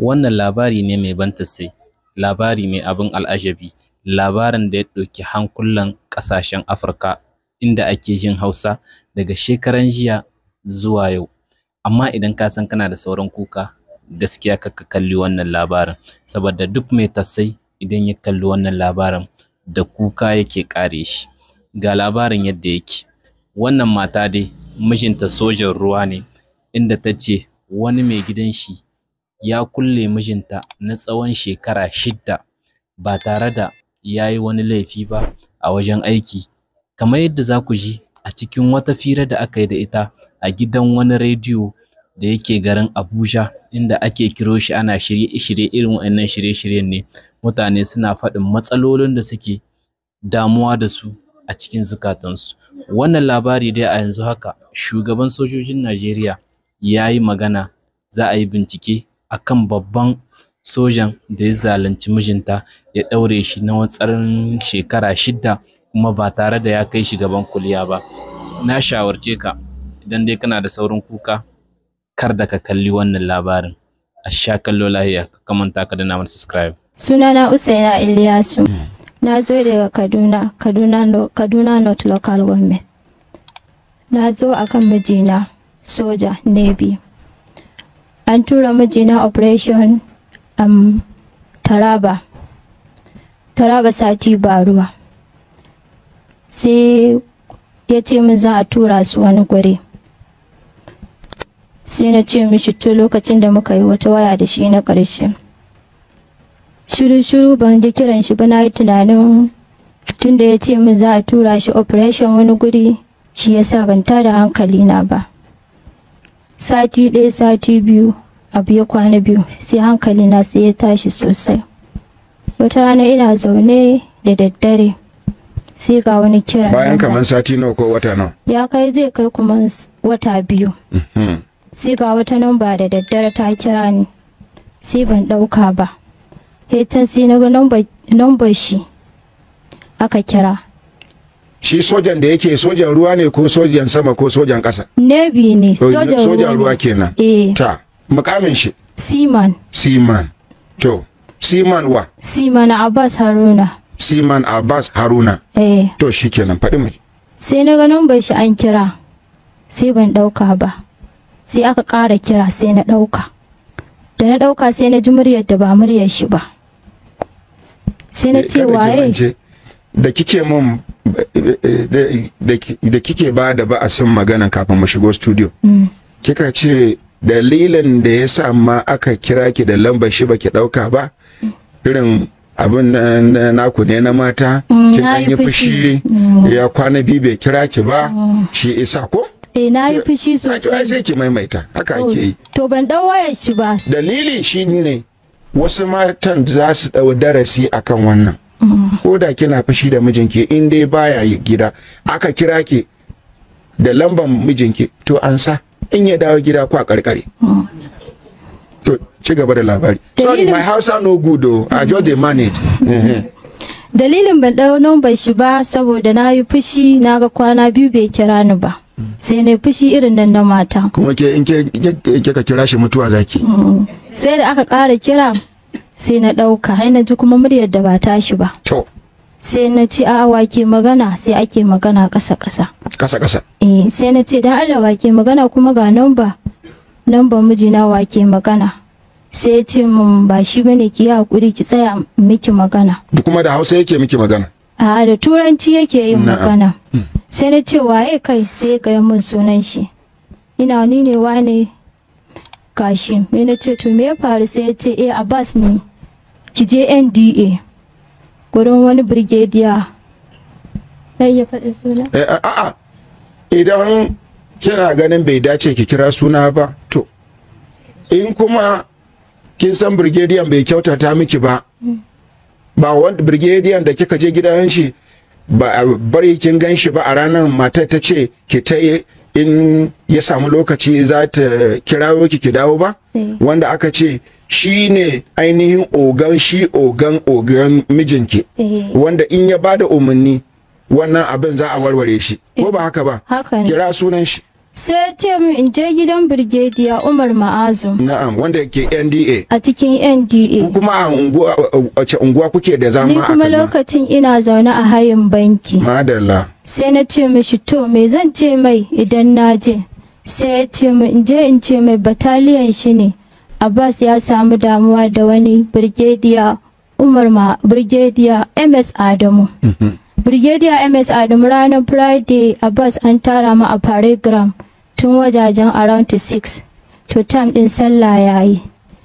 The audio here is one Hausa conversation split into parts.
wannan labari ne mai ban tasai labari mai abin al'ajabi labarin da ya ɗauki hankulan ƙasashen afirka inda ake jin hausa daga shekaran jiya zuwa yau amma idan ka san kana da sauran kuka gaskiya ka kalli wannan labarin saboda duk mai tasai idan ya kalli wannan labarin da kuka yake ƙare shi ga labarin yadda yake wannan mata dai mijinta sojan ruwa ne inda ta ce wani mai gidan shi ya kulle mijinta na tsawon shekara shidda ba tare da ya yi wani laifi ba a wajen aiki. Kamar yadda za ku ji a cikin wata fira da aka yi da ita a gidan wani rediyo da yake garin Abuja inda ake kiro shi ana shirye-shirye irin wannan shirye-shiryen ne mutane suna faɗin matsalolin da suke damuwa da su a cikin zukatansu. Wannan labari dai a yanzu haka shugaban sojojin Najeriya ya yi magana za a yi bincike akan babban sojan da ya zalunci mijinta ya ɗaure shi na tsarin shekara shida kuma ba tare da ya kai shi gaban kuliya ba na shawarce ka idan dai kana da saurin kuka kar da ka kalli wannan labarin a sha kallo lahiya ka kamanta ka da naman subscribe sunana usaina iliyasu hmm. na zo daga kaduna kaduna kaduna north local government na zo akan mijina soja navy an tura mijina operation um, taraba taraba sati ba ruwa sai ya ce min za a tura su wani gwari sai na ce mishi to lokacin da muka yi wata waya da shi na ƙarshe shiru-shiru ban ji kiran shi ba na yi tunanin tun da ya ce min za a tura shi operation wani guri shi ya sa ban tada hankali na ba sati ɗaya sati biyu abu ya kwana biyu sai hankali na sai ya tashi sosai wata rana ina zaune da daddare sai ga wani kira bayan kamar sati nawa ko wata nawa ya kai zai kai kuma wata biyu mhm. sai ga wata namba da daddare ta kira ni sai ban dauka ba can sai na ga nambar shi aka kira shi sojan da yake sojan ruwa ne ko sojan sama ko sojan kasa nebi ne sojan ruwa kenan eh ta mukamin shi siman siman to siman wa siman abbas haruna siman abbas haruna eh to shikenan faɗi mu sai na ganin bai shi an kira sai ban ɗauka ba sai aka ƙara kira sai na ɗauka da na ɗauka sai na ji muryar da ba muryar shi ba sai na eh, ce waye da kike mun da kike ba da ba'asin magana kafin mu shigo studio mm. kika ce dalilin da ya sa ma aka kira ki da lambar shi baki dauka ba irin abin na naku ne na mata mm, kin an yi fushi mm. ya kwana bi bai kira ki ba mm. shi isa ko eh na yi fushi sosai sai ki maimaita haka oh, ake yi to ban dau wayar shi ba dalili shine wasu matan za su dau darasi akan wannan ko da kina fushi da mijinki in dai baya gida aka kira ki da lambar mijinki to an sa in ya dawo gida a karkare to ci gaba da labari sorry my are no good though. i just dey manage dalilin ban ɗau numban shi ba saboda na yi fushi na ga kwana biyu bai kira ni ba sai na fushi irin nan na mata kuma ke in ka kira shi mutuwa zaki sai da aka ƙara kira sai na ɗauka na ji kuma muryar da ba tashi ba to sai na ce a wake magana sai ake magana ƙasa ƙasa ƙasa ƙasa eh sai na ce dan Allah wake magana kuma ga namba namba mijina wake magana sai ya ce mun ba shi bane ki yi hakuri ki tsaya miki magana kuma da Hausa yake miki magana a da turanci yake yin magana hmm. sai na ce waye kai sai ka yi mun sunan shi ina ni ne wane kashi me na ce to me ya faru sai ya ce eh Abbas ne ki je NDA gurin wani brigadier sai ya faɗi suna a'a eh, idan kina ganin bai dace ki kira suna ba to in kuma kin san brigadier bai kyautata miki ba ba wanda brigadier da kika je gidan shi ba bari kin gan shi ba a ranar matar ta ce ki ta in ya samu lokaci za ta kirawo ki ki dawo ba eh. wanda aka ce Shi ne ainihin ogan shi ogan ogan mijinki eh. wanda in ya bada umarni wannan abin za a warware shi ko ba eh, haka ba kira sunan shi sai ce mu in je gidan birgediya umar ma'azu na'am wanda ke nda a cikin nda kuma a unguwa unguwa kuke da zama ni kuma lokacin ina zaune a hayin banki madalla sai na ce mishi to me zan ce mai idan na je sai ya ce mu in je in ce mai bataliyan shi ne Abbas ya samu damuwa da wani Brigadier Umar ma Brigadier MS Adamu. Mhm. Brigadier MS Adamu ranar Friday Abbas an tara ma a Paragram tun wajajen around 6. To time din sallah yayi.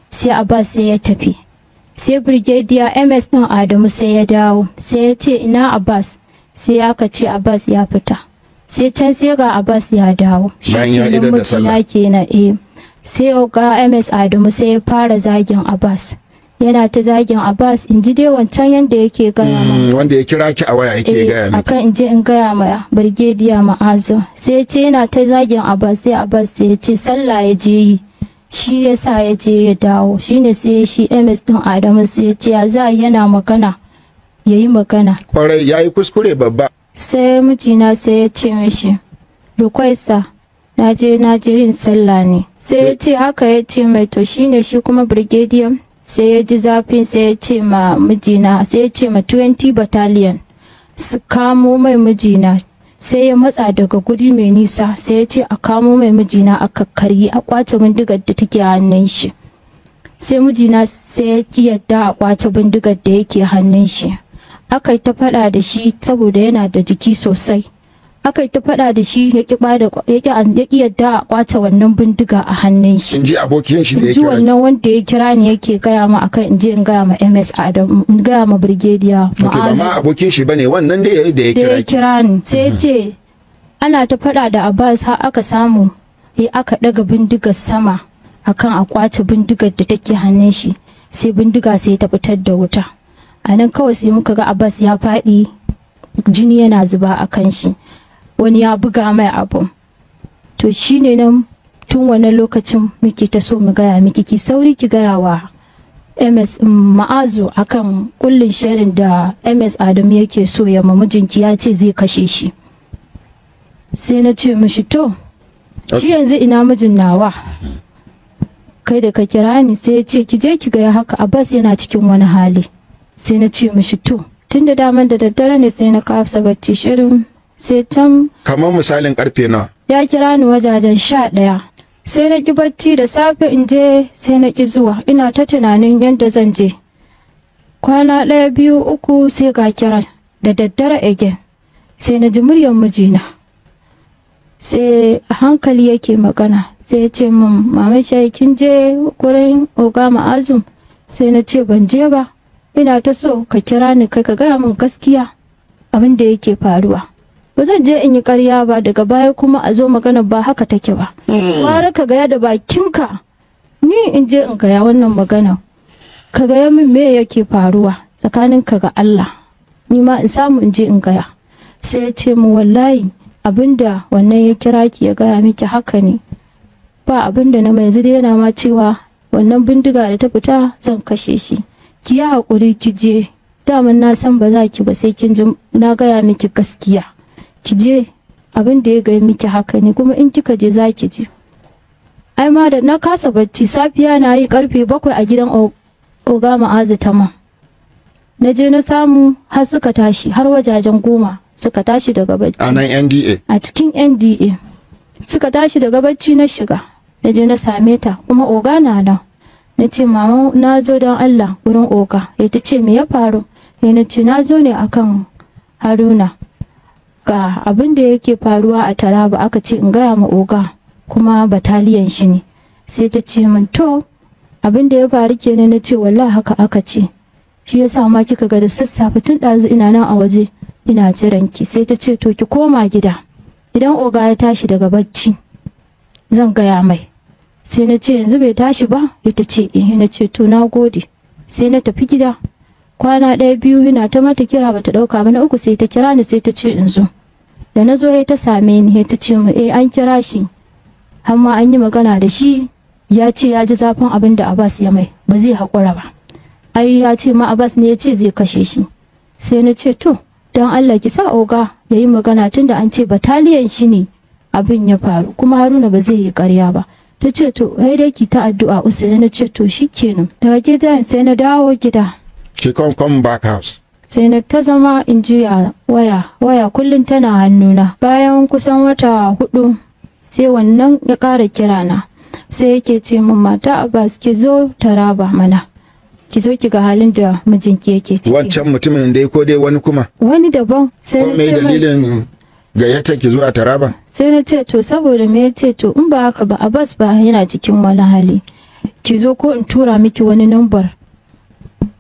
Sai Abbas sai ya tafi. Sai Brigadier MS ɗin Adamu sai ya dawo. Sai ya ce ina Abbas. Sai aka ce Abbas ya fita. Sai can sai ga Abbas ya dawo. Shi ya idar da sallah. kenan eh. sai ga ms adamu sai ya fara zagin abbas yana ta zagin abbas in ji dai wancan yadda yake gaya ma mm, wanda ya kira ki a waya yake eh, gaya ma akan in je in gaya ma birgediya ma'azu sai ya ce yana ta zagin abbas sai abbas sai ce sallah ya je yi shi ya sa ya je ya dawo shine sai shi ms din adamu sai ya ce ya za yana magana ya yi magana kwarai ya yi kuskure babba sai mijina sai ya ce mishi rukwai sa na je yin sallah ne sai ya ce haka ya ce mai to shine shi kuma brigadier sai ya ji zafin sai ya ce ma mijina sai ya ce ma 20 battalion su kamo mai mijina sai ya matsa daga guri mai nisa sai ya ce a kamo mai mijina a kakkari a kwace bindigar da take hannun shi sai mijina sai ya ki yadda a kwace bindigar da yake hannun shi aka yi ta faɗa da shi saboda yana da jiki sosai aka yi ta faɗa da shi ya ƙi bada ya ƙi yadda a ƙwace wannan bindiga a hannun shi. Inji abokin shi da ya kira. wannan wanda ya kira ni yake gaya ma akan inji in gaya ma MS Adam in gaya ma Brigadier Ma'azu. Ba ma abokin shi bane wannan da ya kira. Da ya kira ni sai ya mhm. ce ana ta faɗa da Abbas har aka samu ya aka ɗaga bindigar sama akan a ƙwace bindigar da take hannun shi sai bindiga sai ta fitar da wuta. A nan kawai sai muka ga Abbas ya faɗi jini yana zuba a kan shi. wani ya buga mai abu to shine nan tun wannan lokacin muke ta so mu gaya miki ki sauri ki gaya wa ms um, ma'azu akan kullin shirin da ms adam yake so ya mijinki ya ce zai kashe shi sai na ce mishi to shi yanzu ina mijin nawa kai da ka kira ni sai ya ce ki je ki gaya haka abbas yana cikin wani hali sai na ce mishi to tun da daman da daddare ne sai na kafsa bacci shirin sai can kamar misalin karfe na ya kira ni wajajen sha ɗaya sai na ƙi bacci da safe in je sai na ƙi zuwa ina ta tunanin yadda zan je kwana ɗaya biyu uku sai ga kira da daddare again sai na ji muryar mijina sai hankali yake magana sai ya ce min mama shai kin je gurin oga ma'azum sai na ce ban je ba ina ta so ka kira ni kai ka gaya min gaskiya abin da yake faruwa ba zan je in yi ƙarya ba daga baya kuma a zo magana ba haka take ba hmm. ware ka gaya da bakinka ni in je in gaya wannan magana ka gaya min me yake faruwa tsakanin ka ga Allah ni ma in samu in je in gaya sai ya ce mu wallahi abinda wannan ya kira ki ya gaya miki haka ne ba abinda na mai dai yana ma cewa wannan bindiga da ta fita zan kashe shi ki yi haƙuri ki je daman na san ba za ki ba sai kin na gaya miki gaskiya ki je abin da ya gai miki haka ne kuma in kika je za ki je ai ma da na kasa bacci safiya na yi karfe bakwai a gidan oga ma'azu tama na je na samu har suka tashi har wajajen goma suka tashi daga bacci a nan nda a cikin nda suka tashi daga bacci na shiga na je na same ta kuma oga na nan na ce mama na zo don allah wurin oga ya ta ce me ya faru ya na ce na zo ne akan haruna ga abin da yake faruwa a taraba aka ce in gaya ma oga kuma bataliyan shi ne sai ta ce min to abin da ya faru kenan na ce wallahi haka aka ce shi yasa ma kika ga da sassafe tun ɗazu ina nan a waje ina jiran ki sai ta ce to ki koma gida idan oga ya tashi daga bacci zan gaya mai sai na ce yanzu bai tashi ba ita ce eh na ce to na gode sai na tafi gida kwana ɗaya biyu ina ta mata kira bata ɗauka ba na uku sai ta kira ni sai ta ce in zo da na zo ta same ni ta ce mu eh an kira shi amma an yi magana da shi ya ce ya ji zafin abin da Abbas ya mai ba zai haƙura ba ai ya ce ma Abbas ne ya ce zai kashe shi sai na ce to don Allah ki sa oga ya yi magana tunda an ce bataliyan shi ne abin ya faru kuma Haruna ba zai yi ƙarya ba ta ce to sai dai ki ta addu'a usai na ce to shikenan daga gidan sai na dawo gida she come come back house sai na ta zama in waya waya kullum tana hannuna bayan kusan wata hudu sai wannan ya ƙara kirana sai yake ce min mata abbas ki zo taraba mana ki zo ki ga halin da mijinki yake ciki wancan mutumin dai ko dai wani kuma wani daban sai na ce dalilin yata ki zo a taraba sai na ce to saboda me yace to in ba haka ba abbas ba yana cikin wani hali ki zo ko in tura miki wani number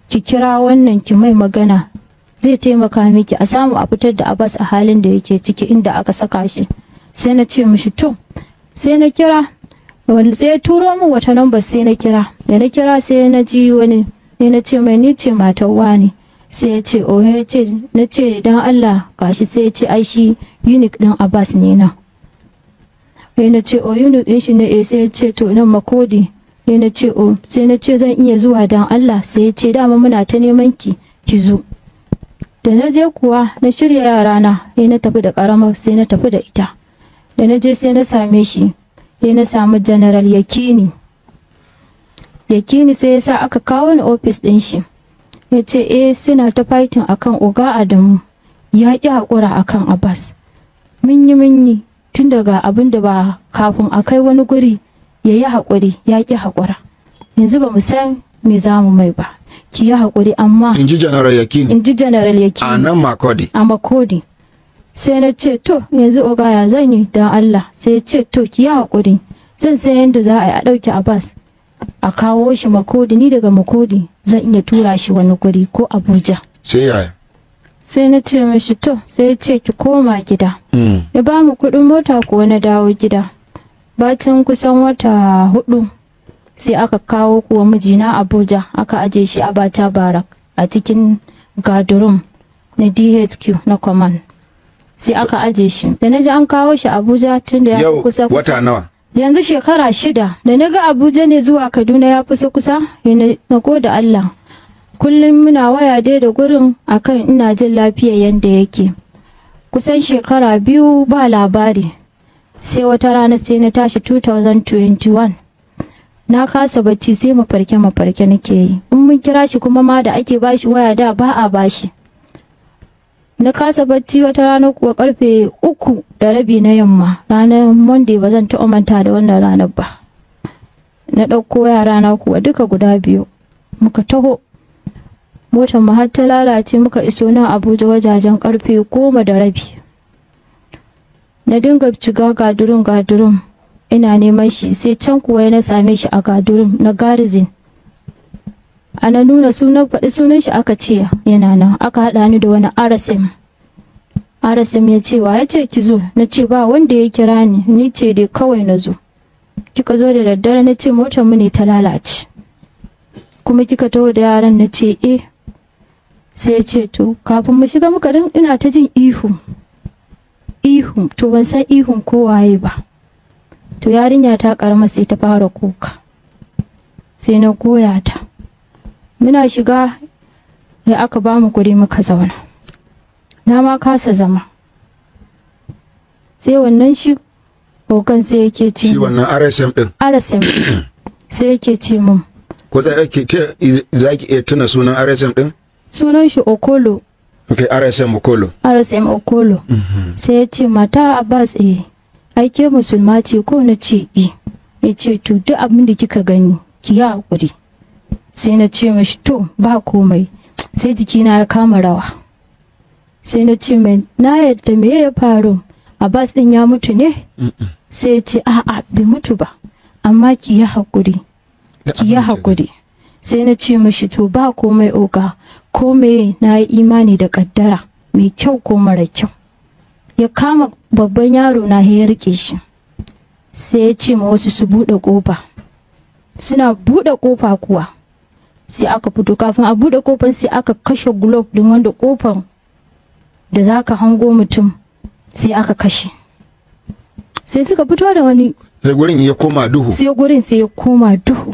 ki kira wannan ki mai magana zai taimaka miki a samu a fitar da Abbas a halin da yake ciki inda aka saka shi sai na ce mishi to sai na kira wani sai ya turo min wata namba sai na kira da na kira sai na ji wani sai na ce mai ni ce matar wani sai ya ce oh ya ce na ce dan Allah gashi sai ya ce ai shi unique din Abbas ne na sai na ce oh unique din shi ne eh, sai ya ce to nan makodi sai na ce o oh, sai na ce zan iya zuwa don Allah sai ya ce dama muna ta neman ki ki zo da na je kuwa na shirya yarana sai na tafi da karamar sai na tafi da ita da na je sai na same shi sai na samu general yakini yakini sai ya sa aka kawo ni ofis din shi ya ce eh suna ta fighting akan oga adamu ya ƙi haƙura akan abbas mun yi mun yi tun daga abin da ba kafin a kai wani guri ya yi haƙuri ya ƙi haƙura yanzu ba mu san me za mu mai ba ki yi haƙuri amma in ji general yakini in ji general yakini a nan makodi a makodi sai na ce to yanzu ogaya zan yi don allah sai ce to ki yi haƙuri zan san yadda za a yi a ɗauki abbas a kawo shi makodi ni daga makodi zan iya tura shi wani guri ko abuja sai yaya sai na ce mashi to sai ya ce ki koma gida mm. ya ba mu kuɗin mota ko na dawo gida bacin kusan wata hudu sai aka kawo kuwa mijina abuja aka aje shi a bata barak a cikin gadurum na dhq na command sai aka aje shi da na ji an kawo shi abuja tun da ya kusa kusa wata nawa yanzu shekara shida da na ga abuja ne zuwa kaduna ya kusa kusa na gode allah kullum muna waya dai da gurin akan ina jin lafiya yadda yake kusan shekara biyu ba labari sai wata rana sai na tashi 2021 na kasa bacci sai mafarke mafarke nake yi in mun kira shi kuma ma da ake bashi waya da ba a bashi na kasa bacci wata rana kuwa karfe uku da rabi na yamma ranar monday ba zan taɓa manta da wannan ranar ba na ɗauko yarana kuwa duka guda biyu muka taho motar mu har ta lalace muka iso nan abuja wajajen karfe goma da rabi na dinga shiga gadurun-gadurun, ina neman shi sai can kuwa na same shi a gadurun, na garizin ana nuna sunan faɗi sunan shi aka ce yana nan aka haɗa ni da wani rsm rsm ya ce wa ya ce ki zo na ce ba wanda ya kira ni ni ce dai kawai na zo kika zo da daddare na ce motar mu ne ta lalace kuma kika taho da yaran na ce eh sai ya ce to kafin mu shiga muka ina ta jin ihu ihu to ban san ihun kowaye ba to yarinya ta karma sai ta fara kuka sai na goya ta muna shiga da aka ba mu guri muka zauna na ma kasa zama sai wannan shi kokan sai yake ci shi wannan RSM din RSM sai yake ci mun ko za ki iya tuna sunan RSM din sunan shi Okolo Okay, RSM Okolo. RSM Okolo. Mm -hmm. Sai ya ce mata Abbas eh aike musulma ce ko na ce eh. Ya ce to duk abin da kika gani ki ya hakuri. Sai na ce mashi to ba komai. Sai jikina ya kama rawa. Sai na ce mai na yadda me ya faru? Abbas din ya mutu ne? Sai ya ce a'a bai mutu ba. Amma ki ya hakuri. Ki ya hakuri. Sai na ce mashi to ba komai oga. ko me na yi imani da kaddara mai kyau ko mara kyau ya kama babban yaro na ya rike shi sai ya ce ma wasu su buɗe ƙofa suna buɗe ƙofa kuwa sai aka fito kafin a buɗe ƙofar sai aka kashe glove din wanda ƙofar da za ka hango mutum sai aka kashe sai suka fito da wani sai gurin ya koma duhu sai gurin sai ya koma duhu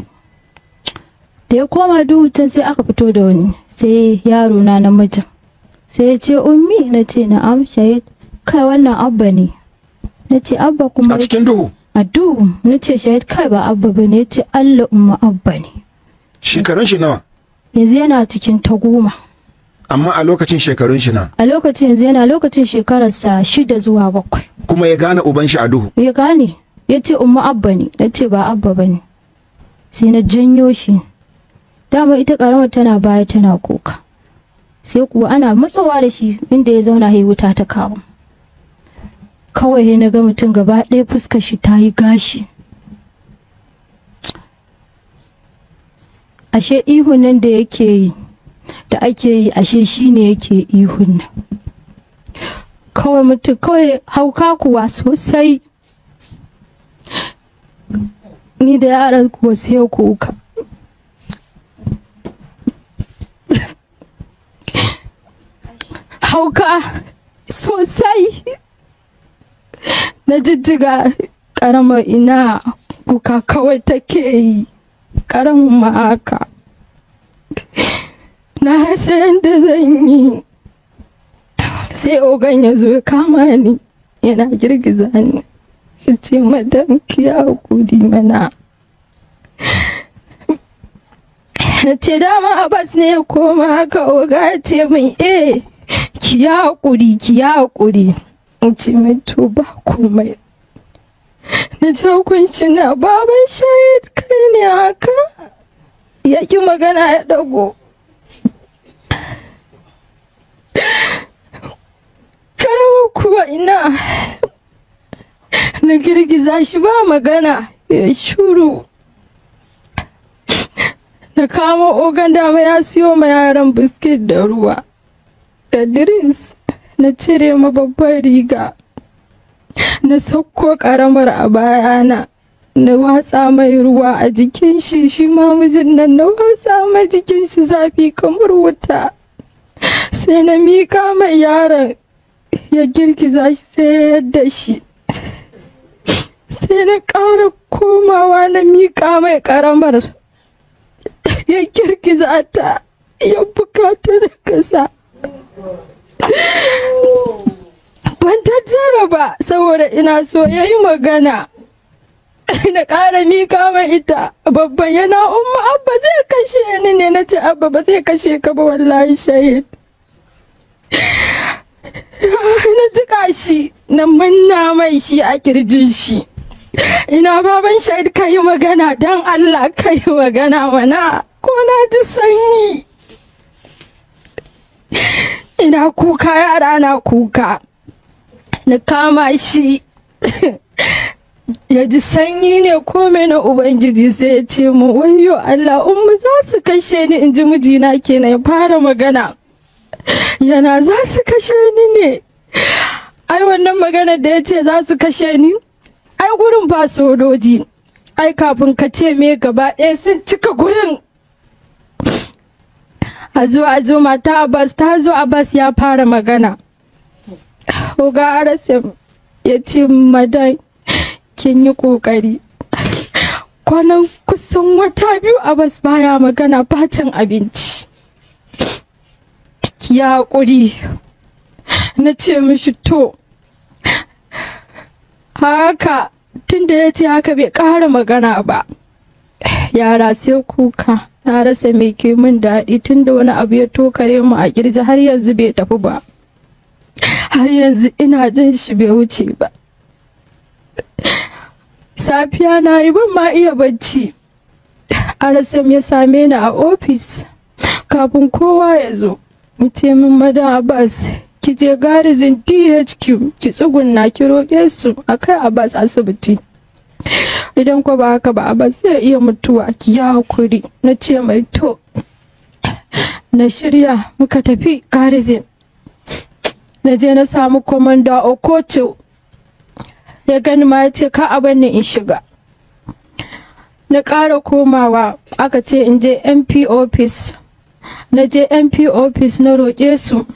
da ya koma duhu can sai aka fito da wani sai yaro na namijin sai ya ce ummi na ce na'am shahid kai wannan abba ne na ce abba kuma a cikin duhu a duhu na ce shahid kai ba abba ba ne ya ce allah umma abba ne shekarun shi nawa yanzu yana cikin ta goma amma a lokacin shekarun shi na a lokacin yanzu yana lokacin shekararsa shida zuwa bakwai kuma ya gane uban shi a duhu ya gane ya ce umma abba ne na ce ba abba ba ne sai na janyo shi dama ita karamar tana baya tana kuka sai kuwa ana matsowa da shi inda ya zauna ya wuta ta kawo kawai ya naga mutum gaba ɗaya fuskar shi ta yi gashi ashe ihun nan da yake yi da ake yi ashe shi ne yake ihun nan kawai mutum kawai hauka kuwa sosai ni da yaran kuwa sai kuka hauka sosai na jijjiga ƙaramar ina kuka kawai take yi ƙaramin ma'aka na rasa yadda zan yi sai ogan ya zo kama ni yana girgiza ni ce madam kiya kudi mana na ce dama abas ne ya koma haka oga ce min eh ki ya haƙuri ki ya haƙuri in ci mai to ba komai na ji hukunci na baban shahid kai ne haka ya ki magana ya dago karawa kuwa ina na girgiza shi ba magana ya shuru na kama ogan dama ya siyo ma yaran biskit da ruwa da diris, na cire ma babbar riga na sauko karamar a bayana na watsa mai ruwa a jikin shi shi ma mijin nan na watsa mai jikin shi zafi kamar wuta sai na mika mai yaron ya girgiza shi sai ya yadda shi sai na ƙara komawa na mika mai karamar ya girgiza ta ya bukata da kasa ban tattara ba saboda ina so ya yi magana na ƙara mika mai ita babban yana umma abba zai kashe ni ne na ce abba ba zai kashe ka ba wallahi shahid na jika shi na manna mai shi a kirjin shi ina baban shahid ka yi magana don allah ka yi magana mana ko na ji sanyi ina kuka yara na kuka na kama shi ya ji sanyi ne ko na ubangiji sai ya ce mu wayo Allah umma za su kashe ni in ji mijina kenan ya fara magana yana za su kashe ni ne ai wannan magana da yace ce za su kashe ni ai gurin ba sojoji ai kafin ka ce me gaba ɗaya sun cika gurin a zo a zo mata abbas ta zo abbas ya fara magana oga arasim ya ce madan kin yi kokari kwanan kusan wata biyu abbas baya magana bacin abinci ya ƙuri na ce mishi to haka tunda ya ce haka bai ƙara magana ba yara sai kuka na rasa mai ke min daɗi tun da wani abu ya tokare mu a kirji har yanzu bai tafi ba har yanzu ina jin shi bai wuce ba safiya na yi ban ma iya bacci arasam ya same ni a ofis kafin kowa ya zo ce min madan abbas ki je garizin dhq ki tsugunna ki roƙe su A akai abbas asibiti idan kwa ba haka ba ba zai iya mutuwa ki ya hakuri na ce mai to na shirya muka tafi karizin na je na samu komanda okocho ya gani ma ya ce ka abin ne in shiga na ƙara komawa aka ce in je mp office na je mp office na roƙe su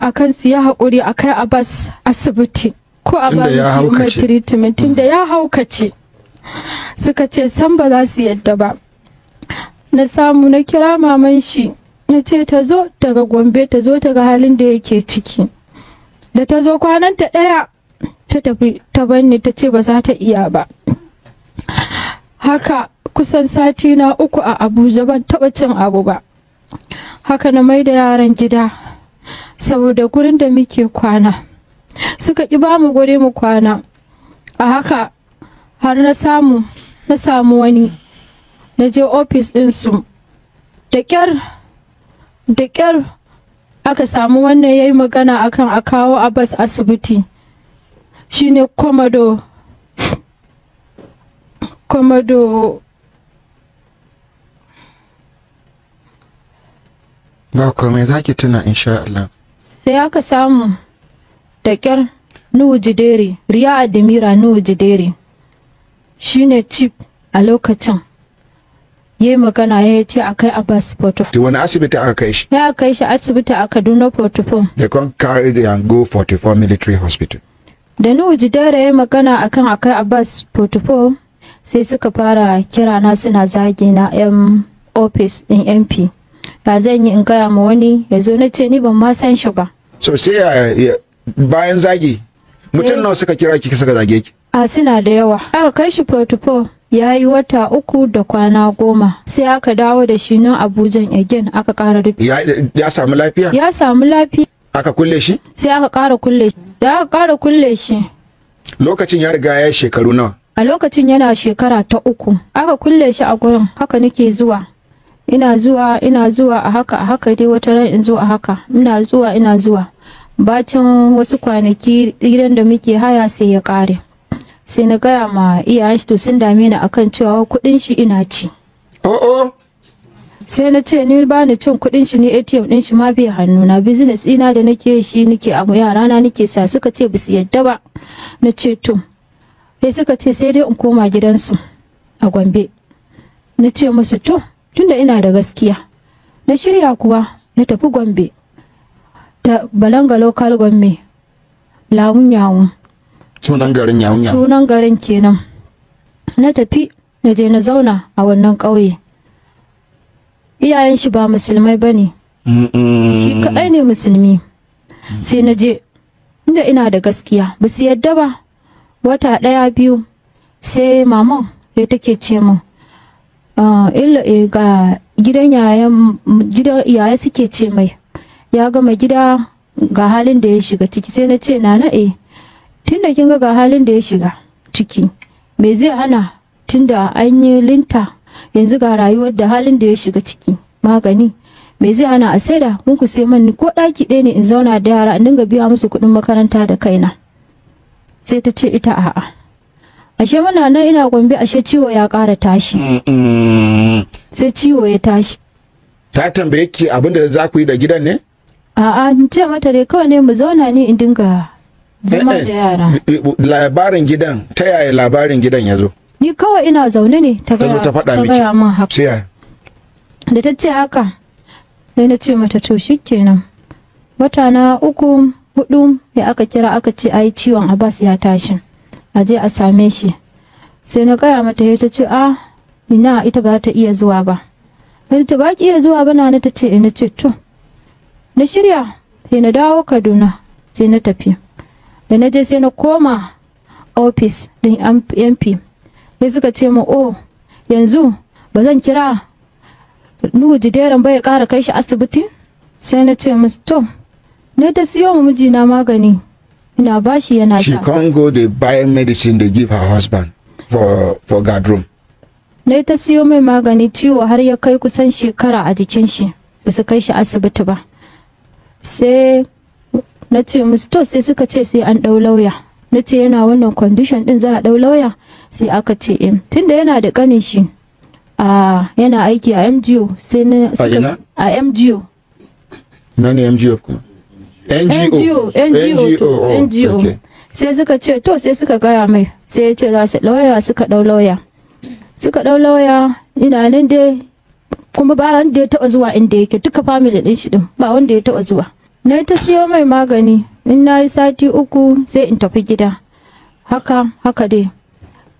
akan su ya haƙuri a kai a bas asibiti ko a ba shi umar treatment da ya haukace suka ce san ba za su yadda ba na samu na kira maman shi na ce ta zo daga gombe ta zo daga halin da yake ciki da ta zo kwananta ɗaya ta tafi ta ta ce ba za ta iya ba haka kusan sati na uku a abuja ban taɓa cin abu ba haka na mai da yaran gida saboda gurin da muke kwana suka ki bamu guri mu kwana a haka har na samu na samu wani na je ofis ɗinsu da ƙyar da ƙyar aka samu wannan ya yi magana akan a kawo abbas asibiti shine komodo komodo ba komai za ki tuna insha Allah sai aka samu da ƙyar nuhu jideri riya adimira nuhu jideri ne chief a lokacin ya yi magana ya ce a kai abbas portofo wani asibiti aka kai shi ya kai shi asibiti a kaduna portofo Da kan carry da yango 44 military hospital da nuhu jidere ya yi magana akan akai abbas portofo sai suka fara kira na suna zagi na yan office din mp ba zan yi in gaya ma wani ya zo na ce ni ban ma san shi ba so sai bayan zagi mutum eh. nawa suka kira ki suka zage ki a suna da yawa aka kai shi protocol ya yi wata uku da kwana goma sai aka dawo da shi nan abuja again aka kara rufi. ya samu lafiya ya samu lafiya aka kulle shi sai aka kara kulle shi da aka kara kulle shi lokacin ya riga ya shekaru nawa a lokacin yana shekara ta uku aka kulle shi a gurin haka nake zuwa ina zuwa ina zuwa a haka a haka dai wata ran in zo a haka ina zuwa ina zuwa bacin wasu kwanaki gidan da muke haya sai ya kare sai na gaya ma iya shi to sun dame ni akan cewa kuɗin shi ina ci oh sai na ce ni ba ni cin kuɗin shi ne ATM din shi ma bai hannu na business ina da nake shi nake abu yara na nake sa suka ce bisu yadda ba na ce to sai suka ce sai dai in koma gidansu a Gombe na ce musu to tunda ina da gaskiya na shirya kuwa na tafi Gombe ta balanga local government lamun yawun sunan garin yawun sunan garin kenan na tafi na je na zauna a wannan ƙauye iyayen shi ba musulmai ba ne shi kaɗai ne musulmi sai na je inda ina da gaskiya ba su yadda ba wata ɗaya biyu sai maman ya take ce min ah, illa eh, ga gidan yaya suke ce mai ya gama gida ga halin da ya shiga ciki sai na ce nana eh tunda kin ga halin da ya shiga ciki me zai hana tunda an yi linta yanzu ga rayuwar da halin da ya shiga ciki magani me zai hana a saida mun ku sai man ko daki ɗaya ne in zauna da yara in dinga biya musu kuɗin makaranta da kaina sai ta ce ita a'a ashe muna nan ina gombe ashe ciwo ya ƙara tashi sai ciwo ya tashi ta tambaye ki abin da za ku yi da gidan ne A'a, in ce mata dai kawai ne mu zauna ne in dinga zama eh, eh, da yara. Labarin gidan, ta yaya labarin gidan ya zo? Ni kawai ina zaune ne ta gaya ta faɗa miki. haka. ya. Da ta ce haka, sai na ce mata to shikenan. Wata na uku hudu da aka kira aka ce ai ciwon Abbas ya tashi. A je a same shi. Sai na gaya mata ya ta ce a ah, ina ita ba ta iya zuwa ba. Ta ce ba ki iya zuwa ba na ta ce ina eh, ce to. na shirya sai na dawo kaduna sai na tafi da na je sai na koma ofis din mp sai suka ce mu o oh, yanzu ba zan kira nuhu ba ya kara kai shi asibiti sai na ce musu to na ta siyo mu mijina magani ina bashi yana sha she can go the buy medicine they give her husband for for guard room na ta siyo mai magani ciwo har ya kai kusan shekara a jikin shi ba su kai shi asibiti ba sai na ce musu to sai suka ce sai an ɗau lauya na ce yana wannan condition ɗin za a ɗau lauya sai aka ce in eh. tunda yana da ƙanin shi a yana aiki a MGO sai na a MGO na ne MGO NGO NGO NGO sai suka ce to sai suka gaya mai sai ya ce za su lauya suka ɗau lauya suka ɗau lauya ina nan dai kuma ba wanda ya taba zuwa inda yake duka family din shi din ba wanda ya taba zuwa na ta siyo mai magani in na yi sati uku sai in tafi gida haka haka dai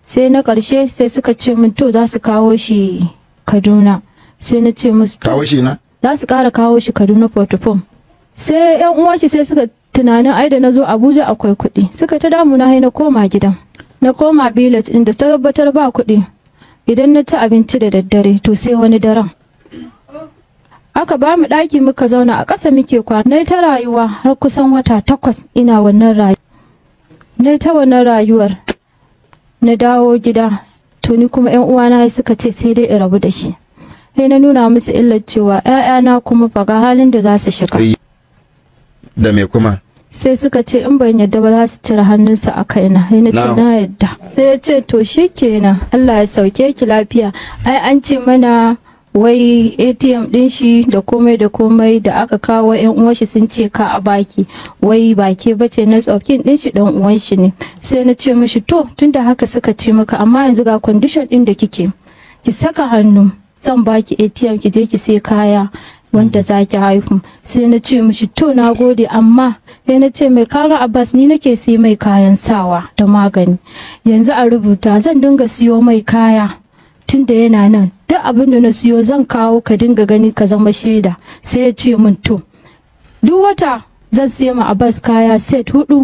sai na ƙarshe sai suka ce min to za su kawo shi kaduna sai na ce musu kawo shi na za su ƙara kawo shi kaduna portofom sai yan uwa shi sai suka tunanin ai da na zo abuja akwai kuɗi suka ta damu na na koma gida na koma village inda ta tabbatar ba kuɗi idan na ci abinci da daddare to sai wani daren aka ba mu ɗaki muka zauna a ƙasa muke kwana na ta rayuwa har kusan wata takwas ina wannan rayuwa na ta wannan rayuwar na dawo gida to ni kuma yan uwana suka ce sai dai in rabu da shi sai na nuna musu illar cewa ‘ya'yana kuma ba ga halin da za su shiga da me kuma sai suka ce in ban yadda ba za su cire hannunsa a kaina sai na ce na yadda sai ya ce to shikenan Allah ya sauke ki lafiya ai an ce mana wai atm din shi da komai da komai da aka kawo yan uwan shi sun ce ka a baki wai baki bace na tsofkin din shi dan uwan shi ne sai na ce mishi to tunda haka suka ce maka amma yanzu ga condition din da kike ki saka hannu zan baki atm ki je ki sai kaya wanda mm. za ki haihu sai na ce mishi to na gode amma sai na ce mai kaga abbas ni nake sai mai kayan sawa da magani yanzu a rubuta zan dinga siyo mai kaya tunda yana nan duk abin da na siyo zan kawo ka dinga gani ka zama shaida sai ya ce min to duk wata zan siya ma abbas kaya set hudu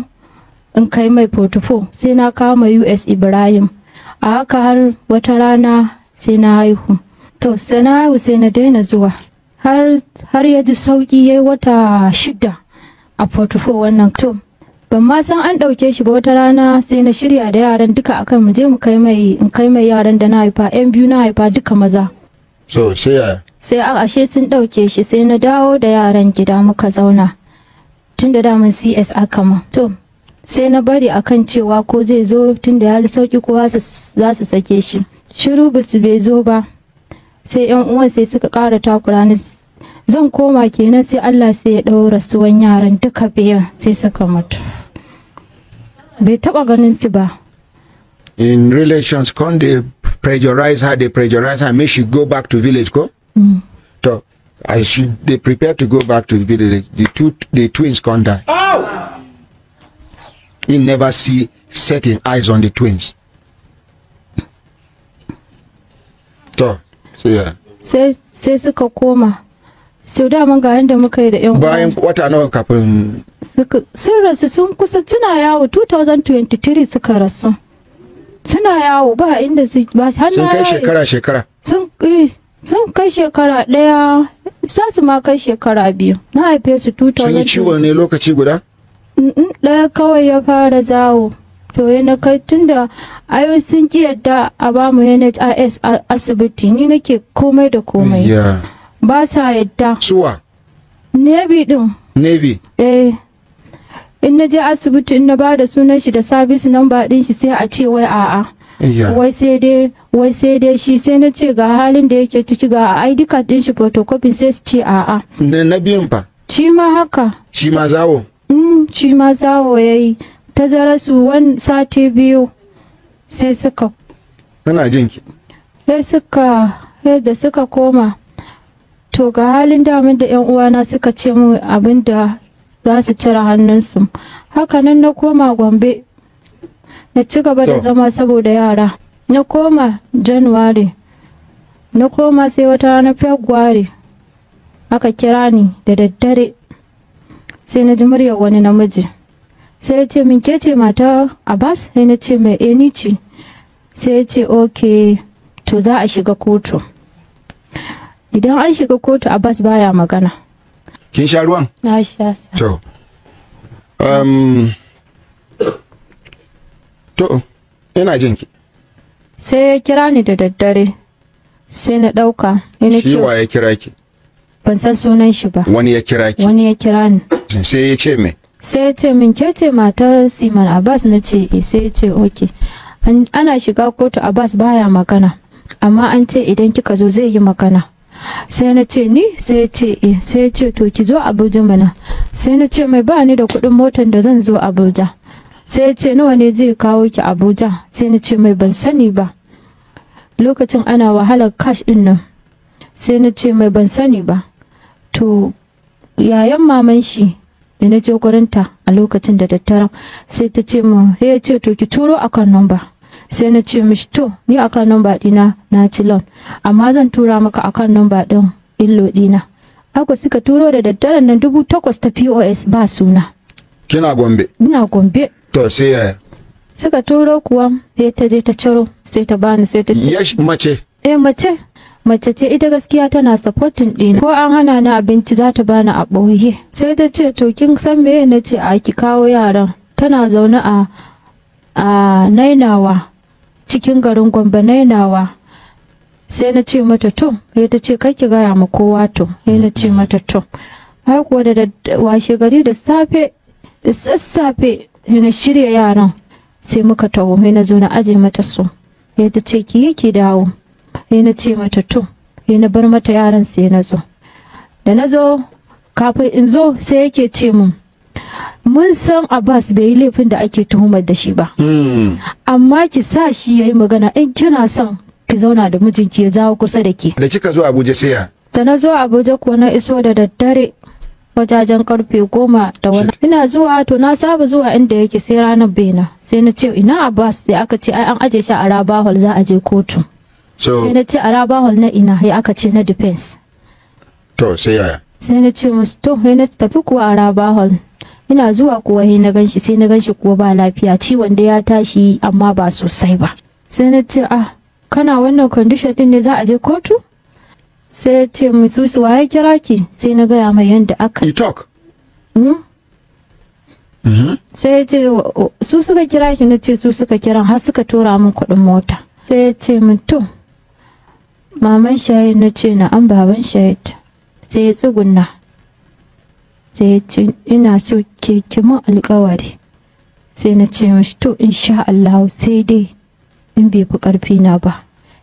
in kai mai fotofo sai na kawo ma us ibrahim a haka har wata rana sai na haihu to sai na haihu sai na daina zuwa har ya ji sauki ya yi wata shida a fotofo wannan to ban ma san an ɗauke shi ba wata rana sai na shirya da yaran duka akan mu je mu kai mai in kai mai yaran da na haifa yan biyu na haifa duka maza so sai ya sai a ashe sun ɗauke shi sai na dawo da yaran gida muka zauna tun da damar cs aka to sai na bari akan cewa ko zai zo tun da ya ji sauki kowa za su sake shi shiru ba su bai zo ba sai yan uwan sai suka ƙara takura ni zan koma kenan sai Allah sai ya yaran duka sai suka mutu bai ganin su ba in relations con they pressurize her they pressurize her make she go back to village ko mm. to as she they prepare to go back to village the two the twins con die oh! he never see setting eyes on the twins So, so yeah sai sai koma sau da mun ga yadda muka yi da yan bayan wata nawa kafin sun rasu sun kusa suna yawo 2023 suka rasu suna yawo ba inda su ba eh, sun kai shekara shekara sun kai shekara daya sa su ma kai shekara biyu na haife su 2023 sun yi ciwo ne lokaci guda daya kawai ya fara zawo to yana na kai tunda ayo sun ki yadda a bamu nhis asibiti ni nake komai da komai yeah. ba sa yadda suwa navy din navy eh in na je asibiti in na ba da sunan shi da service number din shi sai a ce wai a'a wai sai dai wai sai dai shi sai na ce ga halin da yake ciki ga ID card din shi photocopy sai su ce a'a na biyun fa shi ma haka shi ma zawo mm shi ma zawo yayi tazarar su wan sati biyu sai suka kana jin ki sai suka da suka koma to ga halin damin da yan uwana suka ce mu abin da za su cire hannunsu hakanan na koma gombe na ci gaba da zama saboda yara na koma januwari na koma sai wata ranar february aka kira ni da daddare sai na ji muryar wani namiji sai ya ce min ke ce mata abbas sai na ce mai eni eh, ce sai ya ce ok to za a shiga kotu Idan an shiga kotu Abbas baya magana. Kin sha ruwan? Na sha sa. To. Um, to, ina jin ki. Sai ya kira ni da daddare. Sai na ɗauka. Shi wa ya kira ki? Ban san sunan shi ba. Wani ya kira ki? Wani ya kira ni. Sai ya ce me? Sai ya ce min ke ce matar Siman Abbas na ce eh, sai ya ce oke. Ana shiga kotu Abbas baya magana. Amma an ce idan kika zo zai yi magana. sai na ce ni sai ce eh sai ce to ki zo abuja mana sai na ce mai ba ni da kuɗin motar da zan zo abuja sai ya ce nawa ne zai kawo ki abuja sai na ce mai ban sani ba lokacin ana wahalar cash din nan sai na ce mai ban sani ba to yayan maman shi da na je gurinta a lokacin da tattara sai ta ce mu ya ce to ki turo akan number sai na ce mishi to ni akan namba dina na ci loan amma zan tura maka akan namba din illo dina haka suka turo da daddaren nan dubu takwas ta pos ba suna kina gombe ina gombe to sai yaya suka turo kuwa sai ta je ta ciro sai ta bani sai ta ce mace eh mace mace ce ita gaskiya tana supporting din ko an hana ni abinci za ta bani a boye sai ta ce to kin san meye na ce a ki kawo yaran tana zaune a a nainawa cikin garin Gombe na sai na ce mata to ya ta ce kai ki gaya ma kowa to sai na ce mata to ai kuwa da washe gari da safe da sassafe na shirya yaran sai muka taho sai na zo na aje mata su ya ta ce ki yi ki dawo sai na ce mata to sai na bar mata yaran sai na zo da na zo kafin in zo sai yake ce mun mun san abbas bai yi laifin da ake tuhumar da shi ba hmm. amma ki sa shi ya yi magana in kina son ki zauna da mijinki ya zawo kusa da ke da kika zo abuja sai ya da na zo abuja kuwa na iso da daddare wajajen karfe goma da wani ina zuwa to na saba zuwa inda yake sai ranar bena sai na ce ina abbas sai aka ce ai an aje shi a raba hall za a je kotu sai na ce a raba hall na ina ya aka ce na defense to sai yaya sai na ce musu to sai na tafi kuwa a raba hall ina zuwa kuwa sai na ganshi sai na ganshi kuwa ba lafiya ciwon da ya tashi amma ba sosai ba sai na ce ah kana wannan condition din ne za a je kotu sai ya ce mususu waye kira ki sai na gaya mai yadda aka yi talk hmm? mm-hmm. sai ya ce su suka kira ki na ce su suka kiran har suka tura min kuɗin mota sai ya ce min to maman shahid na ce na an baban shahid sai ya tsugunna sai ya ce ina so ke kima mun alƙawari sai na ce mashi to insha Allah sai dai in bai fi karfi na ba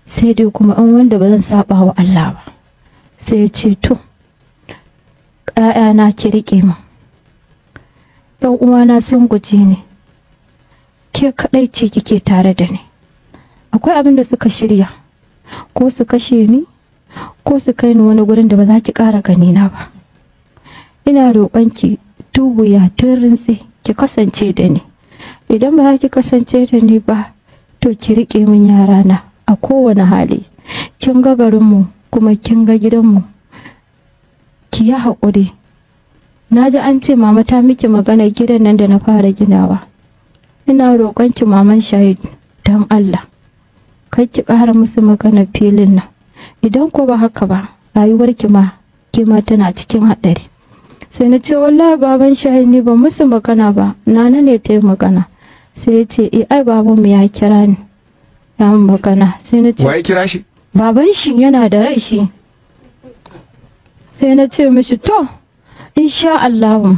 sai dai kuma in wanda ba zan saba wa Allah ba sai ya ce to na ki riƙe min ‘yan uwana sun guje ni ke kaɗai ce kike tare da ni akwai abin da suka shirya ko su kashe ni ko su kai ni wani gurin da ba za ki ƙara na ba ina roƙonki tubu ya tun rintsi ki kasance da ni idan ba ki kasance da ni ba to ki riƙe min yarana a kowane hali kin ga garinmu kuma kin ga gidanmu ki yi haƙuri na ji an ce mama ta miki magana gidan nan da na fara ginawa ina roƙonki maman shahid don allah kar ki ƙara musu magana filin nan idan ko ba haka ba rayuwarki ma kima tana cikin haɗari sai na ce wallahi baban shahi ne ba musu magana ba nana ne ta yi magana sai ce eh ai baban mu ya kira ni ya mu magana sai na ce wai kira shi baban shi yana da rai shi sai na ce mishi to insha Allah